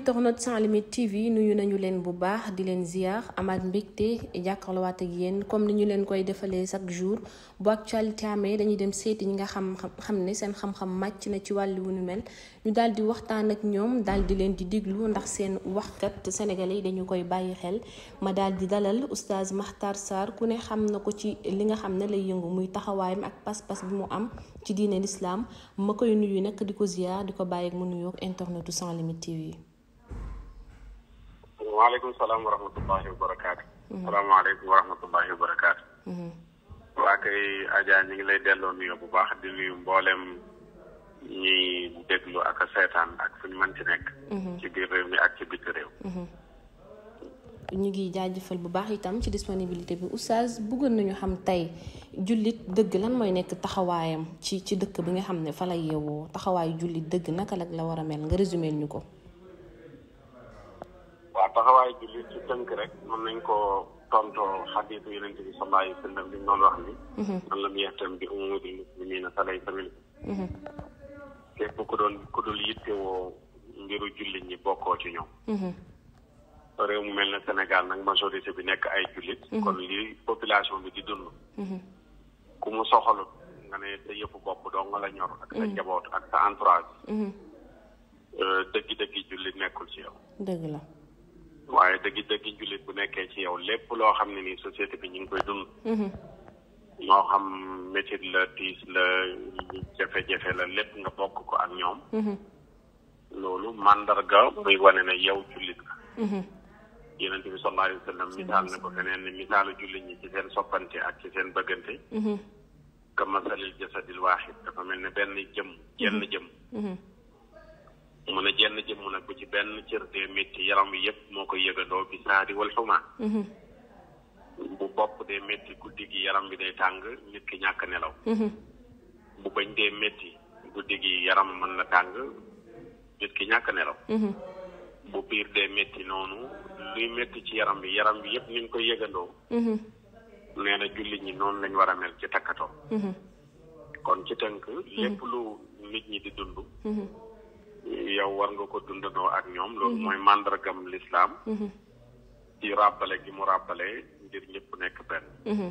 internautes sans limite TV nuyu nañu leen bu baax di leen ziar amaat mbégte jàkkaarloowaat ak yéen comme ni ñu leen koy defalee chaque jour bu actualité amee dañuy dem seeti ñi nga xam xam ne seen xam-xam màcc na ci wàllu wu nu mel ñu daal di waxtaan ak ñoom daal di leen di diglu ndax seen waxkat sénégalais yi dañu koy bàyyi xel ma daal di dalal oustaz Makhtar saar ku ne xam na ko ci li nga xam ne lay yëngu muy taxawaayam ak pas-pas bi mu am ci diine l'islam ma koy nuyu nag di ko ziar di ko bàyyi ak mu nuyoog internautes sans limite TV. waaleykum salaam wa rahmatullahi wa barakaatu. Mhm. salaamaaleykum wa rahmatullahi wa barakaatu. Mhm. waa kay Adja ñu ngi lay delloo nuyoo bu baax di nuyu mboolem ñi déglu ak seetaan ak fu ñu mën ci nekk. Mhm. ci biir réew mi ak ci bitti réew. ñu ngi jaajëfal bu baax itam ci disponibilité bi oustaz bëggoon nañu xam tey jullit dëgg lan mooy nekk taxawaayam ci ci dëkk bi nga xam ne fa la yeewoo taxawaayu jullit dëgg naka la la war a mel nga résumé ñu ko. waaw taxawaayu jullit ci tënk rek mën nañ koo tontoo xadiisu Yonent bi sallallahu alayhi wa sallam bi mu doon wax ni mhm. man lam yahtam bi umuuril muslimiina falaysa minhum mhm. képp ku doon ku dul yittewoo mbiru jullit ñi bokkoo ci ñoom mhm. réew mu mel ne Sénégal nag majorité bi nekk ay jullit kon li population bi di dund ku mu soxalut nga ne sa yëpp bopp doo nga la ñor ak sa njaboot ak sa entourage euh, dëgg-dëgg jullit nekkul ci yow dëgg la waaye dëgg dëgg jullit bu nekkee ci yow lépp loo xam ne nii société bi ñu ngi koy dund. Mm-hmm. moo xam métit la tiis la jafe-jafe la lépp nga bokk ko ak ñoom. Mm-hmm. loolu màndarga muy wane na yow jullit nga. Mm-hmm. yonent bi sallallahu alayhi wa sallam misaal na ko feneen ne misaalu jullit ñi ci seen soppante ak ci seen bëggante. ka masalil jasadil waaxid dafa mel ne benn jëm jenn jëm. mu ne jenn jëmm nag bu ci benn cër dee métti yaram wi yëpp moo koy yëgandoo bi saari wal xumaa mhm. bu bopp dee métti guddi gi yaram bi day tàng nit ñàkk nelaw mhm. bu bañ dee guddi gi yaram mën na tàng nit ñàkk nelaw mhm. bu biir dee métti noonu luy métti ci yaram bi yaram bi yëpp ni ñu koy yëgandoo nee na ñi noonu lañ war a mel ci takkatoo kon ci tënk lépp lu nit ñi di dund yow war nga ko dundandoo ak ñoom. loolu mhm. mooy màndargam lislaam mhm. ci ràbbale gi mu ràbbale ngir ñëpp nekk benn. Mhm.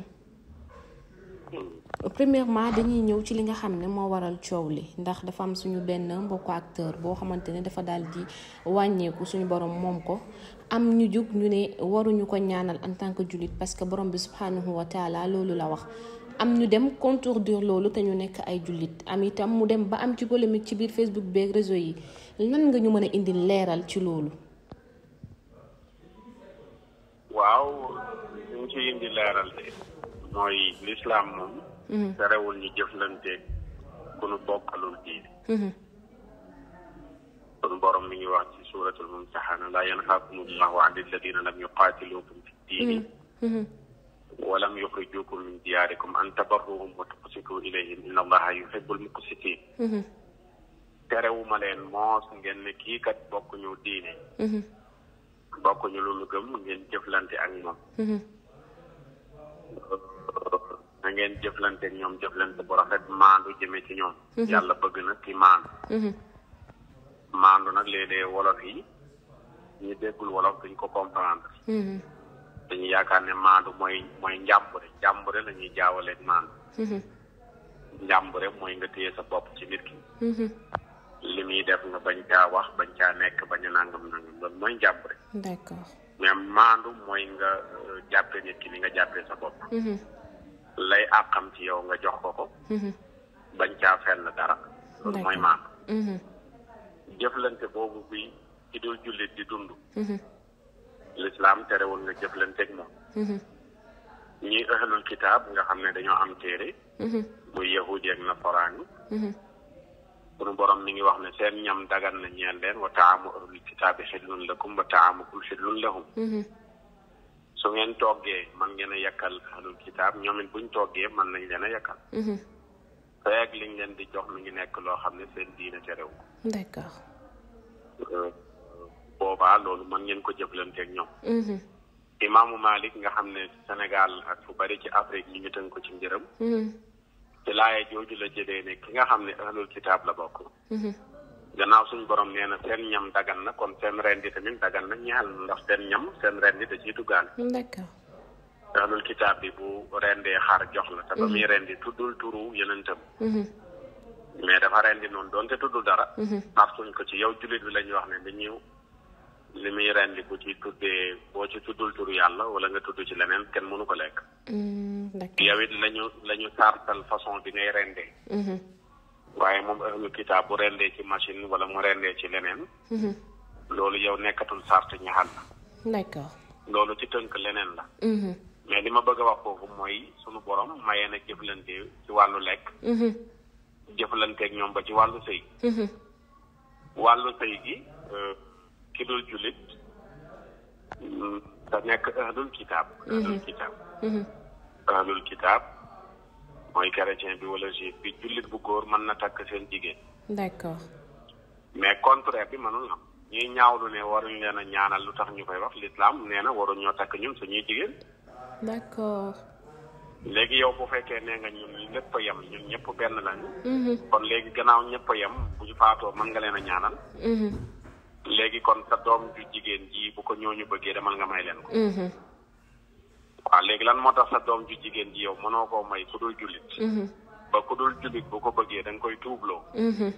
Hmm. premièrement dañuy ñëw ci li nga xam ne moo waral coow li ndax dafa am suñu benn mbokku acteur boo xamante ne dafa daal di wàññeeku suñu borom moom ko am ñu jóg ñu ne waruñu ko ñaanal en tant que jullit parce que borom bi subhanahu wa taala loolu la wax. am ñu dem contredire loolu te ñu nekk ay jullit am itam mu dem ba am ci polémique ci biir Facebook beeg réseau yi lan nga ñu mën a indi leeral ci loolu. waaw ñu ci indi leeral mooy lislaam moom. Mhm. terewul ñu jëflante ku nu bokkalul diine. Mhm. sunu borom mi ngi wax ci suuratul mumtahana laa yanhaakumu llaahu ani lladina lam yuqaatilukum fi ddiini mhm. walam yuxrijukum min diyaarikum an tabarruhum wa tuqsitu ilayhim inna allaha yuhibbul muqsitin mhm. terewuma leen moos ngeen ne kii kat bokkuñu diine mhm. bokkuñu lu nu ngeen jëflante ak moom mhm. na ngeen jëflante ñoom jëflante bu rafet maandu jëme ci ñoom yàlla bëgg na ci maandu maandu nag léeg-léeg wolof yi ñu déggul wolof duñ ko comprendre dañuy yaakaar ne maandu mooy mooy njàmbure njàmbure la ñuy jaawaleeg maandu mm-hmm. njàmbure mooy nga sa bopp ci nit ki mm-hmm. muy def nga bañ ca wax bañ caa nekk bañ a nangam nangam loolu mooy njàmbure d'accord mais maandu mooy nga euh, jàppee nit ki ni nga jàppee sa bopp mm-hmm. lay àqam ci yow nga jox ko ko bañ caa fenn dara loolu mooy maandu jëflante boobu bi ci dul jullit di dund lislaam terewul nga jëflanteeg moom mm-hmm. ñi ahlul kitaab nga xam ne dañoo am téere mm-hmm. muy yahudi ak nasaraan yi mm-hmm. sunu borom mi ngi wax ne seen ñam dagan na ñeel leen wa taamu ahlul kitaabi xillun lakum wa taamukum xillun lahum su ngeen toggee man ngeen a yàkkal ahlul kitaab ñoom it buñ toggee mën nañ leen a yàkkal feeg liñ leen di jox mi ngi nekk loo xam ne seen diina terew ko boobaa loolu mën ngeen ko jëflanteeg ñoom. Mhm. imaamu Malik nga xam ne Sénégal ak fu bari ci Afrique ñu ngi tënk ko ci njërëm. Mhm. ci laaya jooju la jëlee ne ki nga xam ne ahlul kitaab la bokk. Mhm. naaw suñ borom nee na seen ñam dagan na kon seen rendi tamit dagan na ñaal ndax seen ñam seen rendi da ciy duggaale. d'accord ahlul kitaab bi bu rendee xar jox la. te ba muy rendi tuddul turu yonentam. mais dafa rendi noonu doonte tuddul dara. ndax suñ ko ci yow jullit bi la wax ne li muy rendiku ci tuddee boo ci tuddul turu yàlla wala nga tudd ci leneen kenn mënu ko lekk. Mm, yow it lañu la ñu façon bi ngay rendee mm-hmm. waaye moom ahlu kitaab bu rendee ci machine wala mu rendee ci leneen. Mm-hmm. loolu yow nekkatul sart ñaxal la. d'accord loolu ci tënk leneen la. Mm-hmm. mais li ma bëgg a wax foofu mooy sunu borom mayee na jëflante ci wàllu lekk. jëflanteeg ñoom ba ci wàllu sëy. wàllu sëy gi. Euh, ki dul jullit mm, te nekk ahlul kitaab mhm. ahlul kitaab mhm. ahlul kitaab mooy chrétien bi wala juif bi jullit bu góor mën na takk seen jigéen d'accord mais contraire bi mënul am ñuy ñaawlu ne waruñ leen a ñaanal lu tax ñu koy wax lislaam nee na waruñ ñoo takk ñun suñuy jigéen d'accord léegi yow bu fekkee nee nga ñun lépp a yem ñun ñëpp benn lañu mhm. kon léegi gannaaw ñëpp a yem ñu faatoo mën nga leen a ñaanal léegi kon sa doom ju jigéen ji bu ko ñooñu bëggee demal nga may leen ko. Mm-hmm. waaw léegi lan moo tax sa doom ju jigéen ji yow mënoo koo may ku dul jullit. Mm-hmm. ba ku dul jullit bu ko bëggee da nga koy tuubloo. Mm-hmm.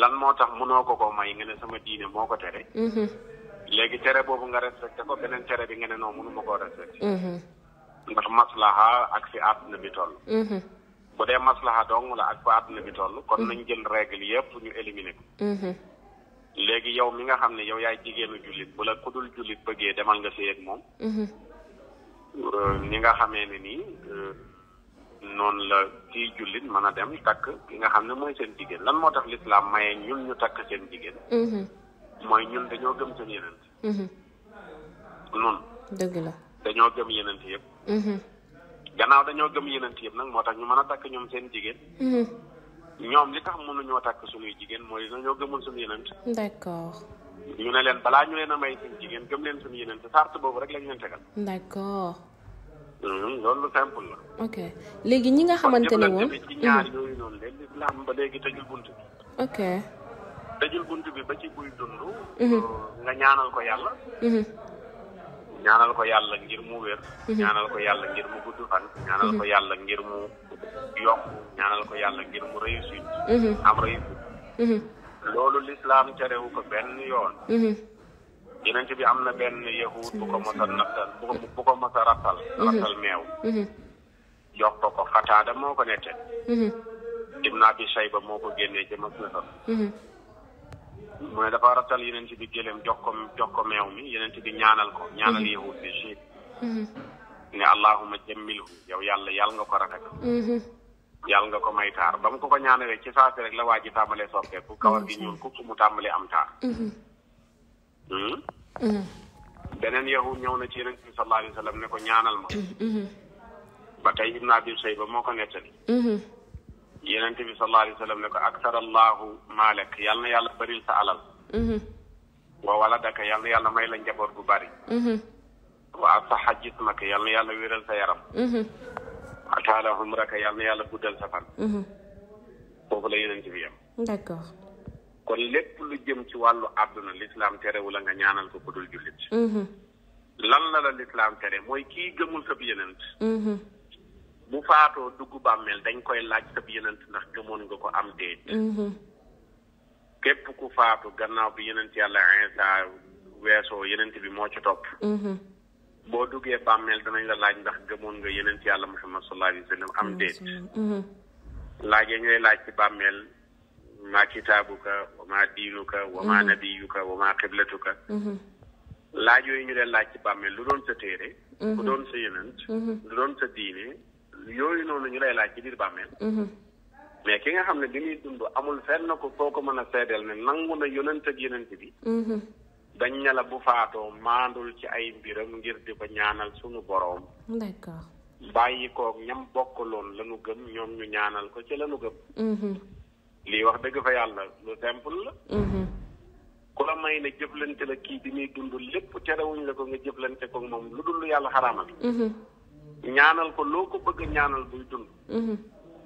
lan moo tax noo ko koo may nga ne sama diine moo ko tere. léegi tere boobu nga respecté ko beneen tere bi nga ne noonu mënuma koo respecté. ndax maslaha ak fi àdduna bi toll. bu dee maslaha dong la ak fa àdduna bi toll kon nañ jël règle yëpp ñu éliminer léegi yow mi nga xam ne yow yaay jigéenu jullit bu la ku dul jullit bëggee demal nga sëy ak moom mm-hmm. euh, ni nga xamee ne nii euh, noonu la kii jullit mën a dem takk ki nga xam ne mooy seen jigéen lan moo tax lislaam maye ñun ñu takk seen jigéen mm-hmm. mooy ñun dañoo gëm seen yenent mm-hmm. noonu dëgg la dañoo gëm yenent yëpp gannaaw dañoo gëm yenent yëpp nag moo tax ñu mën a takk ñoom seen jigéen ñoom li tax mënuñoo takk suñuy jigéen mooy dañoo gëmul suñu yeneen. d'accord. ñu ne leen balaa ñu leen a may suñu jigéen gëm leen suñu yeneen te sart boobu rek lañ leen tegal. d'accord. Hmm, loolu simple la. ok léegi ñi nga xamante ne woon. ci ñaar yooyu noonu leen ba léegi tëjul bunt bi. ok. tëjul bunt bi ba ci buy dund. Mhm. nga ñaanal ko yàlla. Mhm. ñaanal ko yàlla ngir mu wér. Mhm. ñaanal ko yàlla ngir mu gudd ñaanal ko mhm. yàlla ngir mu yokk ñaanal ko yàlla ngir mu mhm. réussite. loolu lislaam carewu ko benn yoon. yeneen ci bi am na benn yahud bu ko mos a bu ko bu ko mos meew. jox ko fataada moo ko nette. Ibn Abi Shayba moo ko génnee jëm ak mu ne dafa rattal yeneen ci bi gëléem ko jox meew mi yeneen ti bi ñaanal ko ñaanal mhm. yahud bi ci mhm. ne allahuma jëmmilhu yow yàlla yàlla nga ko rafet mhm. yàlla nga ko may taar ba ko ko ñaanalee ci saa rek la waa ji tàmbalee soppeeku kawar gi ñuul kukk mu tàmbalee am taar hmm? beneen yahud ñëw na ci yeneen ci bi sallallahu alayhi wa sallam ne ba moo ko nettali yonent bi sallallahu la wa sallam ne ko aksara allahu maalek yal na yàlla bëril sa alal mhm. wa waladaka yal na yàlla may la njaboot gu bari mhm. wa asaxa jismaka yal na yàlla wéral sa yaram mhm. ataala umraka yal na yàlla guddal sa fan foofu la yonent bi yam d'accord kon lépp lu jëm ci wàllu àdduna lislaam terewul a nga ñaanal ko ku dul jullit lan la la lislaam tere mooy kii gëmul sab yonent bu faatoo dugg bàmmeel dañ koy laaj sab yenent ndax gëmoon nga ko am déet mhm. képp ku faatu gannaaw bi yenent yàlla insa weesoo yenent bi moo ci topp mhm. boo duggee bàmmeel danañ la laaj ndax gëmoon nga yenent yàlla muhammad sallallahu alayhi wa am déet mhm. laaj laaj ci bàmmeel maa kitaabuka wa maa diinuka wa nabiyuka wa maa xiblatuka laaj yooyu ñu leen laaj ci bàmmeel lu doon sa téere lu doon sa yenent lu doon sa diine yooyu noonu ñu lay laaj ci biir bàmmeel mhm. mais ki nga xam ne bi muy dund amul fenn ko foo ko mën a seedeel ne nangu na yonent ak yonent bi mhm. dañ ne la bu faatoo maandul ci ay mbiram ngir di ko ñaanal suñu boroom d'accord bàyyi kook ñam bokkaloon lanu gëm ñoom ñu ñaanal ko ci lanu gëm mhm. lii wax dëgg fa yàlla lu simple la ku la may ne jëflante la kii bi muy dund lépp terewuñ la ko nga jëflante ko moom lu dul lu yàlla xaraama ñaanal ko loo ko bëgg ñaanal buy dund mhm.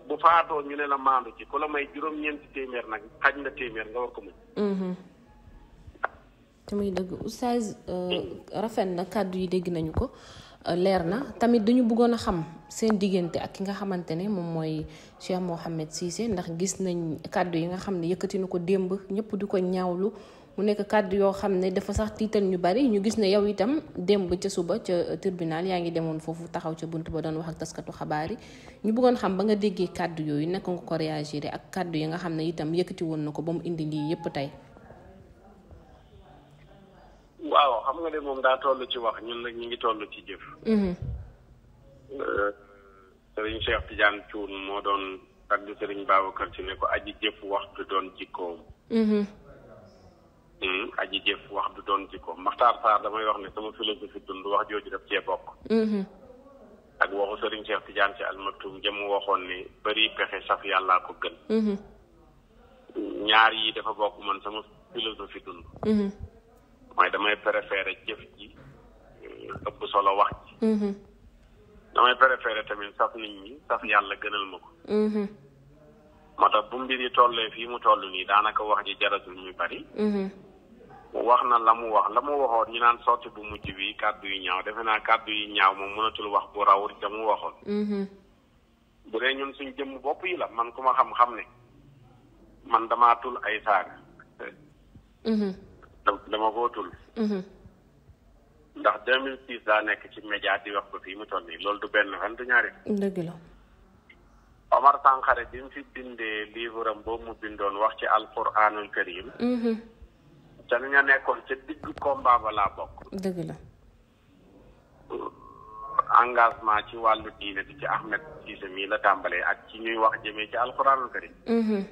bu faatoo ñu ne la maandu ci ku la may juróom-ñeenti téeméer nag xaj na téeméer nga war ko muñ mhm. tamit dëgg oustaz euh, rafet na kàddu yi dégg nañu ko euh, leer na tamit dañu buggoon a xam seen diggante ak ki nga xamante ne moom mooy Cheikh Mouhamed Cissé ndax gis nañ kàddu yi nga xam ne yëkkati na ko démb ñëpp di ko ñaawlu mu nekk kàddu yoo xam ne dafa sax tiital ñu bari ñu gis ne yow itam démb ca suba ca tribunal yaa ngi demoon foofu taxaw ca bunt ba doon wax ak taskatu xabaar yi ñu buggoon xam ba nga déggee kàdd yooyu naka nga ko réagir ak kàddu yi nga xam ne itam yëkkati woon na ko ba mu indi lii yépp tey. waaw xam nga de moom daa toll ci wax ñun nag ñu ngi toll ci jëf. Mm-hmm. Euh, Serigne Cheikh Tidiane Thioune moo doon tagg Serigne Babacar Sy ne ko aji jëf waxtu doon jikkoom. Mm-hmm. aji jëf wax du doon jikko Maxtaar Sarr damay wax ne sama philosophie dund wax jooju daf cee bokk. Mm-hmm. ak waxu Serigne Cheikh Tidiane ci almatum jëm waxoon ne bari pexe saf yàllaa ko gën. Mm-hmm. ñaar yi dafa bokk man sama philosophie dund. Mm-hmm. mooy damay préféré jëf ji euh, ëpp solo wax ji. damay préféré tamit saf nit ñi saf yàlla gënal ma ko. moo tax bu mbir yi tollee fii mu toll nii daanaka wax ji jaratul ñu bari. wax na la mu wax la mu waxoon ñu naan sotti bu mujj bi kàddu yu ñaaw defe naa kàddu yu ñaaw moom tul wax bu rawul te mu waxoon. Mm-hmm. bu dee ñun suñ jëmm bopp yi la man ku ma xam-xam ne man damaa tul ay saaga. Mm-hmm. dama koo tul. Mm-hmm. ndax 2006 daa nekk ci média di wax ko fii mu toll nii loolu du benn fan du ñaari. dëgg la. Omar Sankharé bi mu fi bindee livre am mu bindoon wax ci alquranul karim ca ña nekkoon ca digg combat ba bokk. dëgg la. engagement ci wàllu diine bi ci Ahmed Cissé mii la tàmbalee ak ci ñuy wax jëme ci alxuraanul karim mhm.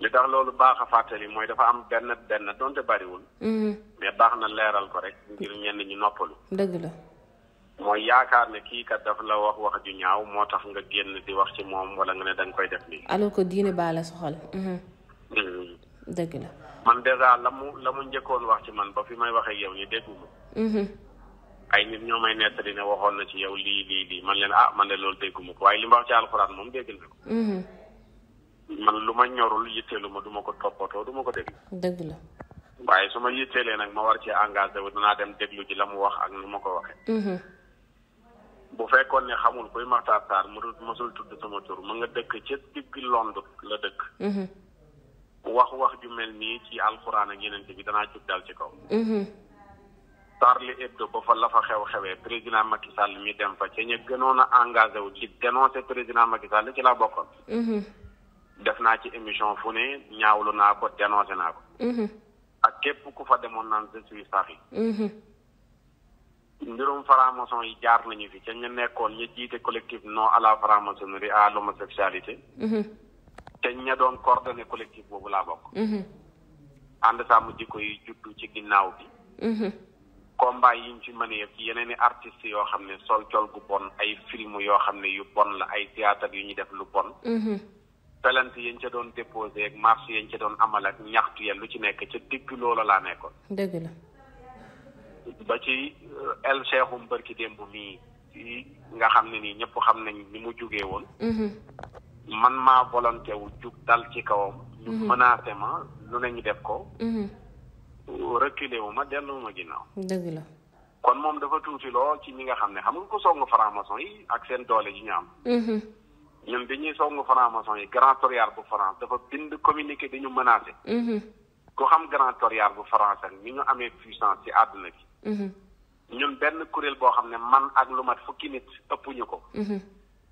li tax loolu baax a fàttali mooy dafa am benn benn donte bariwul. Mhm. mais baax na leeral ko rek ngir ñenn ñu noppalu. dëgg la. mooy yaakaar ne kii kat daf la wax wax ju ñaaw moo tax nga génn di wax ci moom walla nga ne danga koy def nii. alors ko diine baa la soxal. Mhm. dëgg la. man dèjà la mu la mu njëkkoon wax ci man ba fi may waxee yow ni dégguma mhm. ay nit ñoo may nettali ne waxoon na ci yow lii lii lii man leen ah man de loolu dégguma ko waaye li ma wax ci alxuraan moom dégg na ko mhm. man lu ma ñorul yitteelu ma du ko toppatoo du ko déglu la su ma yitteelee nag ma war ci engagé wu danaa dem déglu ji la mu wax ak lu ma ko waxee mhm. bu fekkoon ne xamul kuy Maxtaar Sarr mu mosul tudd sama tur mu nga dëkk ca digg Londres la dëkk wax wax ju mel nii ci alxuraan ak yeneen bi danaa jug dal ci kaw. Mm-hmm. Charlie Hebdo ba fa la fa xew xewee président Macky Sall mi dem fa ca ña gënoon a engagé wu ci dénoncé président Macky Sall ci laa bokkoon. Mm-hmm. def naa ci émission fu ne ñaawlu naa ko dénoncé naa ko. Mm-hmm. ak képp ku fa demoon naan je suis safi. mbirum franc yi jaar nañu fi ca ñu nekkoon ñu jiite collectif non à la franc-maçonnerie à te ña doon coordonné collectif boobu laa bokk. Mhm. ànd sàmm jikko yi juddu ci ginnaaw bi. Mhm. combat yi ci mën yëpp i artistes yoo xam ne sol col gu ay film yoo xam ne yu la ay théâtre yu ñuy def lu bon. Mhm. yañ ca doon déposé ak marche yañ ca doon amal ak ñaxtu lu ci nekk ca digg laa nekkoon. ci euh, El Cheikhoum barki mii nga xam ne nii ñëpp xam nañ ni mu jugee woon. man maa volonté wu jug dal ci kawam. ñu mhm. menacé ma lu ne ñu def ko. Mhm. reculé wu ma dellu ma ginnaaw. dëgg la. kon moom dafa tuuti loo ci ñi nga xam ne xam nga ko song franc-maçon yi ak seen doole yi ñu am. Mhm. ñun bi ñuy song franc-maçon yi grand toriar bu France dafa bind communiqué di ñu menacé. ku xam grand toriar bu France ak ni ñu amee puissance ci àdduna bi. ñun benn kuréel boo xam ne man ak lu mat fukki nit ëpp ñu ko.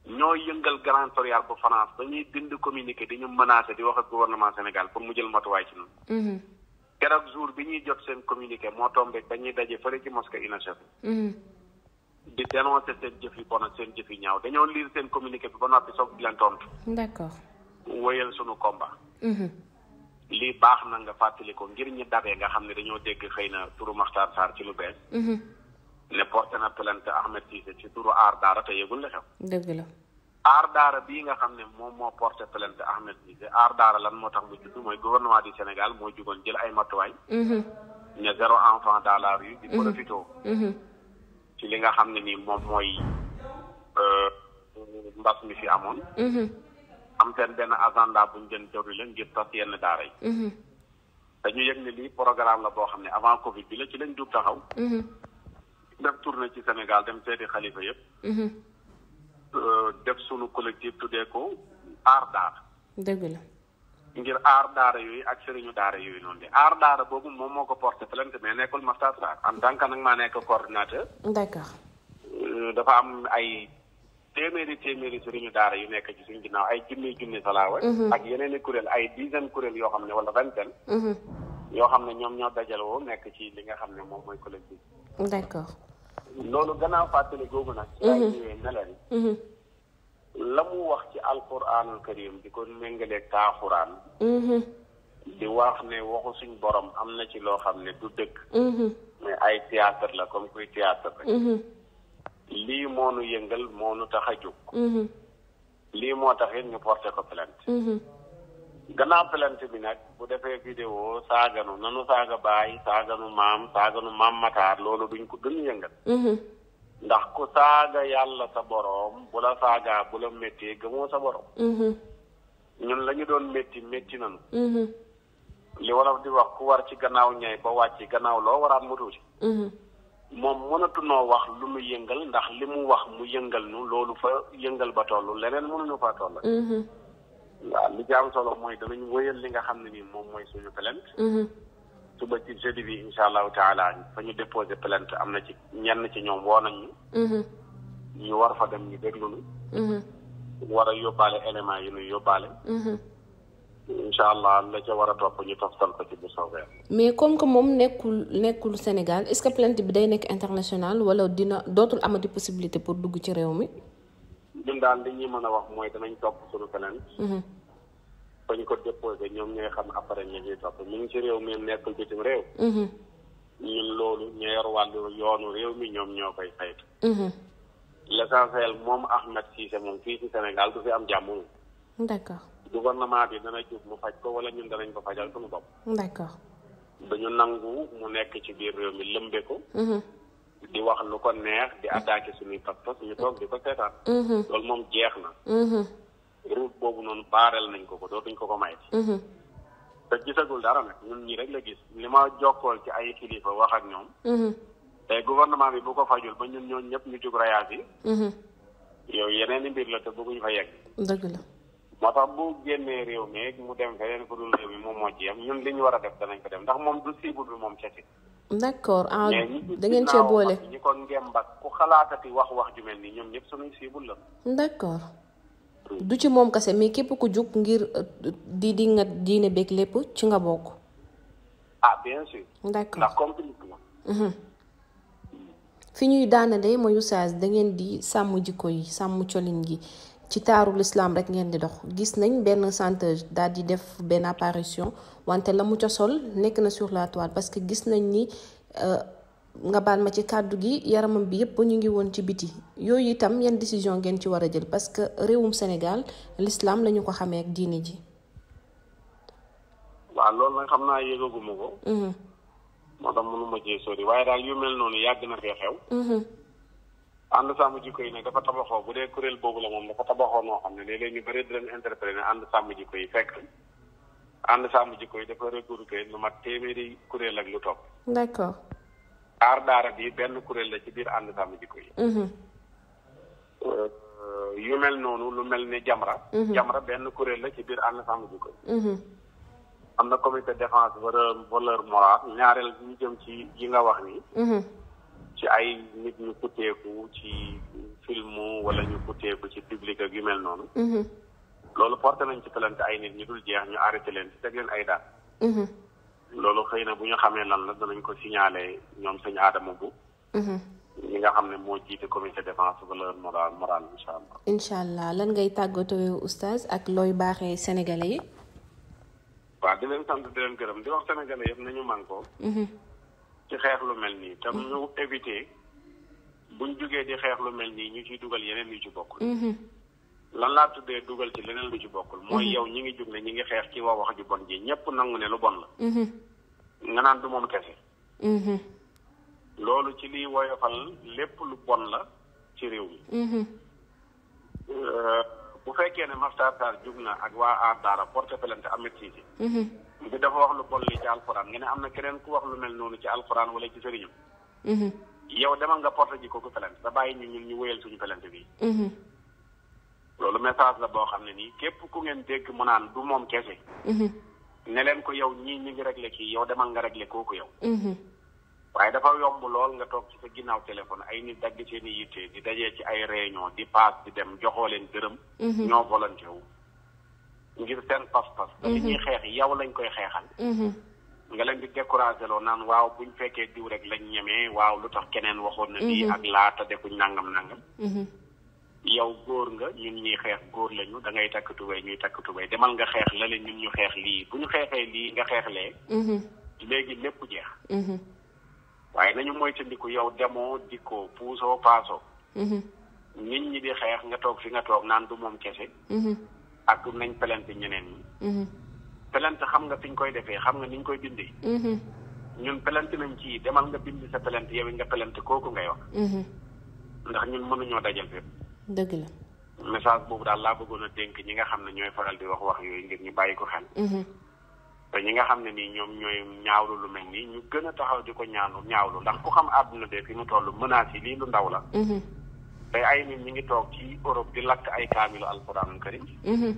ñoo yëngal Grand Montréal bu France ba ñuy bind communiqué di ñu menacé di wax ak Sénégal pour mu jël matuwaay ci ñun. Mm-hmm. keroog jour bi ñuy jot seen communiqué moo tombé dañuy ñuy daje fële ci mosquée UNICEF. Mm-hmm. di dénoncer seen jëf yu bon ak seen jëf yu ñaaw dañoo lire seen communiqué bi ba noppi soog di leen d'accord. wëyal sunu combat. Mm-hmm. lii baax na nga fàttali ko ngir ñu dabee nga xam ne dañoo dégg xëy na turu Maxtaar Sarr ci lu bees. ne porté na plainte Ahmed Cissé ci turu aar daara te yëgul la dëgg la. aar daara bi nga xam ne moom moo porté plainte Ahmed Cissé aar daara lan moo tax mu judd mooy gouvernement du Sénégal moo jugoon jël ay matuwaay. Mhm. ne zéro enfant dans la rue. di mhm. Mhm. ci li nga xam ne nii moom mooy euh, mbas mi fi amoon. am ten benn agenda buñ ñu gën jawri la ngir tas yenn daara yi. dañu yëg ne lii programme la boo xam ne avant Covid bi la ci lañ jub taxaw. def tournée ci Sénégal dem seeti xalifa yëpp. Mhm. Euh, def sunu collectif tuddee ko aar daar dëgg la. ngir aar daara yooyu ak sëriñu daara yooyu noonu de aar daara boobu moom moo ko porté plainte mais nekkul Makhtar Sarr en tant que nag maa nekk coordinateur. d'accord. Euh, dafa am ay téeméeri téeméeri sëriñu daara yu nekk ci suñ ginnaaw ay junni junni salaawa. Mhm. ak yeneen i kuréel ay dizaine kuréel yoo xam ne walla vingtaine. Mhm. yoo xam ne ñoom ñoo dajaloo nekk ci li nga xam ne moom mooy collectif. loolu gannaaw fàttali googu nag. Mhm. Mhm. la mu wax ci alquranul karim di ko méngale taaxuraan. Mhm. di wax ne waxu suñ borom am na ci loo xam ne du dëkk. mais ay théâtre la comme kuy théâtre rek. lii moo nu yëngal moo nu tax a jóg. lii moo tax it ñu porté ko plainte. gannaaw plainte bi nag bu defee vidéo saaganu nanu saaga baay saaganu maam saaganu maam mataar loolu duñ ko gën yëngal mhm. ndax ku saaga yàlla sa boroom bu la saagaa bu la méttee gëmoo sa boroom mhm. ñun lañu doon metti metti nanu mhm. li wolof di wax ku war ci gannaaw ñay ba wàcc gannaaw loo waraat mu tuuti moom mënatunoo wax lu nu yëngal ndax li mu wax mu yëngal nu loolu fa yëngal ba toll leneen mënuñu faa toll waa li ci am solo mooy danañ wëyal li nga xam ne nii moom mooy suñu plainte. Mm-hmm. suba ci jeudi bi incha allahu taala fa ñu déposé plainte am na ci ñenn ci ñoom woo nañ ñu. Mm-hmm. ñu war fa dem ñu déglu ñu. Mm-hmm. war a yóbbaale éléments yi ñuy yóbbaale. incha allah la ca war a topp ñu toftal ko ci bu soobee. mais comme que moom nekkul nekkul Sénégal est-ce que plainte bi day nekk international wala dina dootul amati possibilité pour dugg ci réew mi. ñun daal li ñuy mën a wax mooy danañ topp suñu plainte. bañ ko déposé ñoom ñooy xam après ñu ñuy topp mi ngi ci réew mi nekkul bitim réew. Mhm. ñun loolu ñu yor wàllu yoonu réew mi ñoom ñoo koy saytu. Mhm. l'essentiel moom Ahmed se moom fii ci Sénégal du si am jàmm. d'accord gouvernement bi dana jub mu faj ko wala ñun danañ ko fajal suñu bopp. d'accord dañu nangu mu nekk ci biir réew mi lëmbe ko. Mhm. di wax lu ko neex di attaqué suñu pas-pas ñu toog di ko seetaan. Mm-hmm. loolu moom jeex na. Mm-hmm. route boobu noonu bareel nañ ko ko dootuñ ko ko mayti. Mm-hmm. te gisagul dara nag ñun ñii rek la gis li ma jokkool ci ay kilifa wax ak ñoom. tey gouvernement bi bu ko fajul ba ñun ñooñu ñëpp ñu jug rayaas yi. yow yeneen i mbir la te ñu fa yegg. dëgg moo tax bu génnee réew mi mu dem feneen ku dul réew mi moom moo ci ñun li war a def danañ ko dem ndax moom du cible bi moom kese. d'accord ah da ngeen cee boole ku xalaatati wax wax ju mel nii ñoom ñëpp suñuy siibul la. d'accord du ci moom kese mais képp ku jug ngir euh, di di nga diine beeg lépp ci nga bokk. ah bien mhm. fi ñuy daanalee mooy oustaz da ngeen di sàmm jikko yi sàmm colin gi. ci taaru l'islam rek ngeen di dox gis nañ benn chanteuse daal di def benn apparition wante la mu ca sol nekk na sur la toile parce que gis nañ ni euh, nga baal ma ci kàddu gi yaramam bi yëpp ñu ngi woon ci biti yooyu itam yan décision ngeen ci war a jël parce que réewum Sénégal lislaam lañu ko xamee ak diini ji. Mm-hmm. waaye daal yu mel noonu yàgg na fee xew. Mm-hmm. ànd sàmm jikko yi nag dafa tabaxoo bu dee kuréel boobu la moom dafa tabaxoo noo xam ne léeg-léeg ñu bëri di leen interpréter ànd sàmm jikko yi fekk ànd sàmm jikko yi dafa regroupé lu mat téeméeri kuréel ak lu topp. d'accord. aar daara benn kuréel la ci biir ànd sàmm jikko yi. Mm-hmm. Euh, yu mel noonu lu mel ne jamra. Mm-hmm. jamra benn kuréel la ci biir ànd sàmm jikko yi. Mm-hmm. am na comité défense valeur valeur morale ñaareel ñu jëm ci yi nga wax nii. ci ay nit ñu kutteeku ci filmu wala ñu kutteeku ci public ak yu mel noonu. Mhm. loolu porté nañ ci plainte ay nit ñu dul jeex ñu arrêté leen ci teg leen ay daan. Mhm. loolu xëy na bu ñu xamee lan la danañ ko signalé ñoom sëñ Adama bu. ñi mhm. nga xam ne moo jiite comité défense valeur morale morale incha allah. incha allah lan ngay tàggatoo oustaz ak looy baaxee sénégalais yi. waaw di leen sant di leen gërëm di wax sénégalais yëpp nañu mànkoo. ci xeex lu mel nii tam mm-hmm. ñu éviter buñ jógee di xeex lu mel nii ñu ciy dugal yeneen yu ci bokkul. Mm-hmm. lan laa tuddee dugal ci leneen lu ci bokkul. mooy mm-hmm. yow ñi ngi jub ne ñi ngi xeex ci waa wax ju bon ji ñëpp nangu ne lu bon la. nga naan du moom kese. loolu ci liy woyofal lépp lu bon la ci réew mi. Euh, bu fekkee ne Maftar Sarr jug na ak waa Aar Daara porte plainte Ahmed Cissé. bi mhm. dafa wax lu bon li ci alxuraan nga am na keneen ku wax lu mel noonu ci alxuraan wala ci sëriñam. Mhm. yow demal nga porte ji kooku plainte da bàyyi ñu ñu ñu wéyal suñu plainte bi. Mhm. loolu message la boo xam ne nii képp ku ngeen dégg mu naan du moom kese. ne leen ko yow ñii ñu ngi réglé kii yow demal nga réglé kooku yow. waaye dafa yomb lool nga toog ci sa ginnaaw téléphone ay nit dagg seen i yitte di dajee ci ay réunion di paas di dem joxoo leen dërëm. Mhm. ñoo volonté wu. ngir seen pas-pas. li mhm. ñuy xeex yow lañ koy xeexal. Mhm. nga leen di découragé loo naan waaw buñ fekkee diw rek lañ ñemee waaw lu tax keneen waxoon na lii ak laata defuñ nangam nangam. yow góor nga ñun ñuy xeex góor lañu da ngay takk tubéy ñuy takk tubéy demal nga xeex la ñu ñu xeex lii bu ñu xeexee lii nga xeexlee. léegi lépp jeex. waaye nañu moytandiku yow demoo dikkoo puusoo paasoo. Mhm. nit ñi di xeex nga toog fi nga toog naan du moom kese. Mhm. ak nañ pelante ñeneen ñi. Mhm. pelante xam nga fi koy defee xam nga ni ñu koy bindee. ñun pelante nañ ci demal nga bind sa pelante yow nga pelante kooku ngay wax. ndax ñun mënuñoo dajal fépp. dëgg la. message boobu daal laa bëggoon a dénk ñi nga xam ne ñooy faral di wax wax yooyu ngir ñu bàyyi ko xel. te ñi nga xam ne nii ñoom ñooy ñaawlu lu mel nii ñu gën a taxaw di ko ñaanu ñaawlu ndax ku xam àdduna de fi mu toll menaces yi lii lu ndaw la. Mhm. tey ay nit ñi ngi toog ci Europe di lakk ay kaamilu alxuraanul karim. Mhm.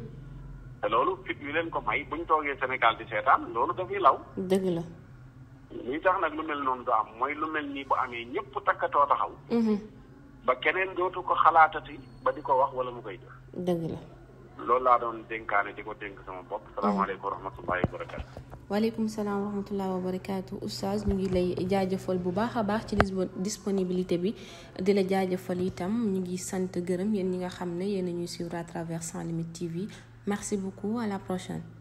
te loolu fit yu leen ko may bu ñu toogee Sénégal di seetaan loolu dafay law. dëgg la. li tax nag lu mel noonu du am mooy lu mel nii bu amee ñëpp takkatoo taxaw. Mhm. ba keneen dootu ko xalaatati ba di ko wax wala mu koy def. dëgg la. loolu laa doon dénkaane di ko dénk sama bopp. Mm-hmm. salaamaaleykum wa wa barakaatu. salaam wa rahmatullahi wa barakaatu oustaz ñu ngi lay jaajëfal bu baax a baax ci disponibilité bi di la jaajëfal itam ñu ngi sant gërëm yéen ñi nga xam ne yéen a ñuy suivre à travers Sans Limites TV merci beaucoup à la prochaine.